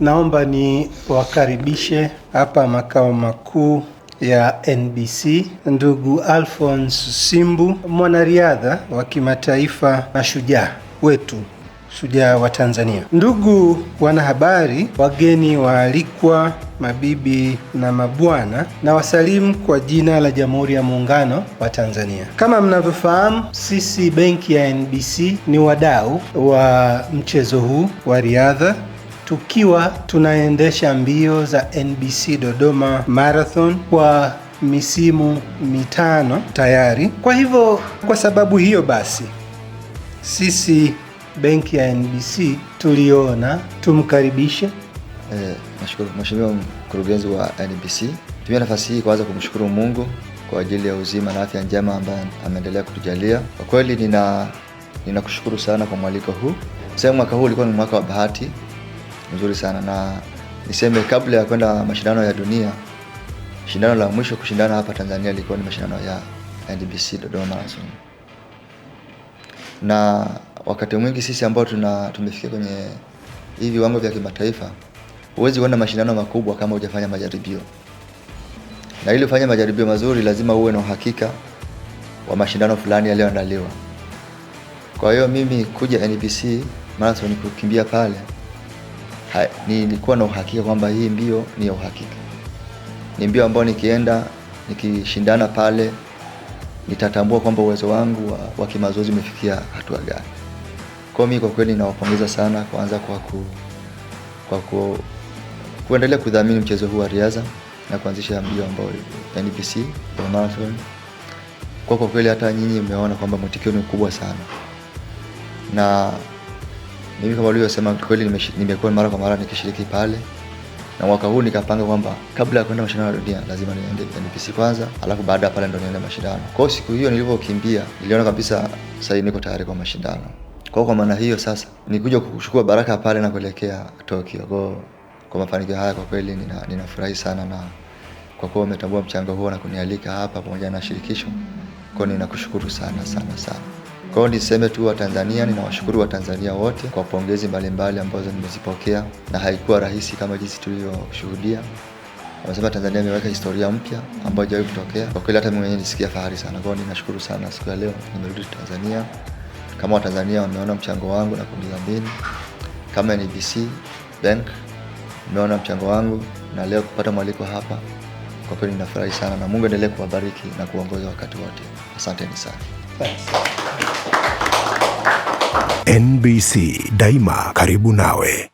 Naomba ni wakaribishe hapa makao makuu ya NBC ndugu Alphonse Simbu, mwanariadha wa kimataifa na shujaa wetu, shujaa wa Tanzania. Ndugu wanahabari, wageni waalikwa, mabibi na mabwana, na wasalimu kwa jina la Jamhuri ya Muungano wa Tanzania. Kama mnavyofahamu, sisi benki ya NBC ni wadau wa mchezo huu wa riadha tukiwa tunaendesha mbio za NBC Dodoma Marathon kwa misimu mitano tayari. Kwa hivyo, kwa sababu hiyo basi sisi benki ya NBC tuliona tumkaribishe. Eh, nashukuru Mheshimiwa mkurugenzi wa NBC. Tumia nafasi hii kwanza kumshukuru Mungu kwa ajili ya uzima na afya njema ambayo ameendelea kutujalia. Kwa kweli nina ninakushukuru sana kwa mwaliko huu. sehemu mwaka huu ulikuwa ni mwaka wa bahati mzuri sana, na niseme kabla ya kwenda mashindano ya dunia, shindano la mwisho kushindana hapa Tanzania ilikuwa ni mashindano ya NBC Dodoma Marathon, na wakati mwingi sisi ambao tuna tumefikia kwenye hivi viwango vya kimataifa, huwezi kwenda mashindano makubwa kama hujafanya majaribio, na ili ufanye majaribio mazuri lazima uwe na uhakika wa mashindano fulani yaliyoandaliwa. Kwa hiyo mimi kuja NBC Marathon kukimbia pale ha, nilikuwa na uhakika kwamba hii mbio ni ya uhakika, ni mbio ambayo nikienda nikishindana pale nitatambua kwamba uwezo wangu wa, wa kimazoezi umefikia hatua gani. Kwa mimi kwa kweli nawapongeza sana kwanza kwa, ku, kwa ku, kuendelea kudhamini mchezo huu wa riadha na kuanzisha mbio ambayo NBC marathon. Kwa kwa kweli hata nyinyi mmeona kwamba mwitikio ni mkubwa sana na mimi kama ulivyosema, kweli nimekuwa mara kwa mara nikishiriki pale, na mwaka huu nikapanga kwamba kabla ya kwenda mashindano ya dunia lazima niende NPC kwanza, alafu baada ya pale ndo niende mashindano. Kwa hiyo siku hiyo nilivyokimbia, niliona kabisa sasa niko tayari kwa mashindano. Kwa kwa maana hiyo sasa nikuja kuchukua baraka pale na kuelekea Tokyo. Kwa kwa mafanikio haya kwa kweli ninafurahi nina, sana na kwa kuwa umetambua mchango huo na kunialika hapa pamoja na shirikisho. Kwa hiyo ninakushukuru sana sana sana. Kwa hiyo niseme tu Watanzania, ninawashukuru Watanzania wote kwa pongezi mbalimbali ambazo nimezipokea, na haikuwa rahisi kama jinsi tulivyoshuhudia. Wamesema Tanzania imeweka historia mpya ambayo haijawahi kutokea. Kwa kweli hata mimi mwenyewe nisikia fahari sana. Kwa hiyo ninashukuru sana, siku ya leo nimerudi Tanzania. Kama Watanzania wameona mchango wangu na kunidhamini, kama NBC Bank umeona mchango wangu na leo kupata mwaliko hapa, kwa kweli ninafurahi sana, na Mungu endelee kuwabariki na kuongoza wakati wote. Asanteni sana. Thanks. NBC daima karibu nawe.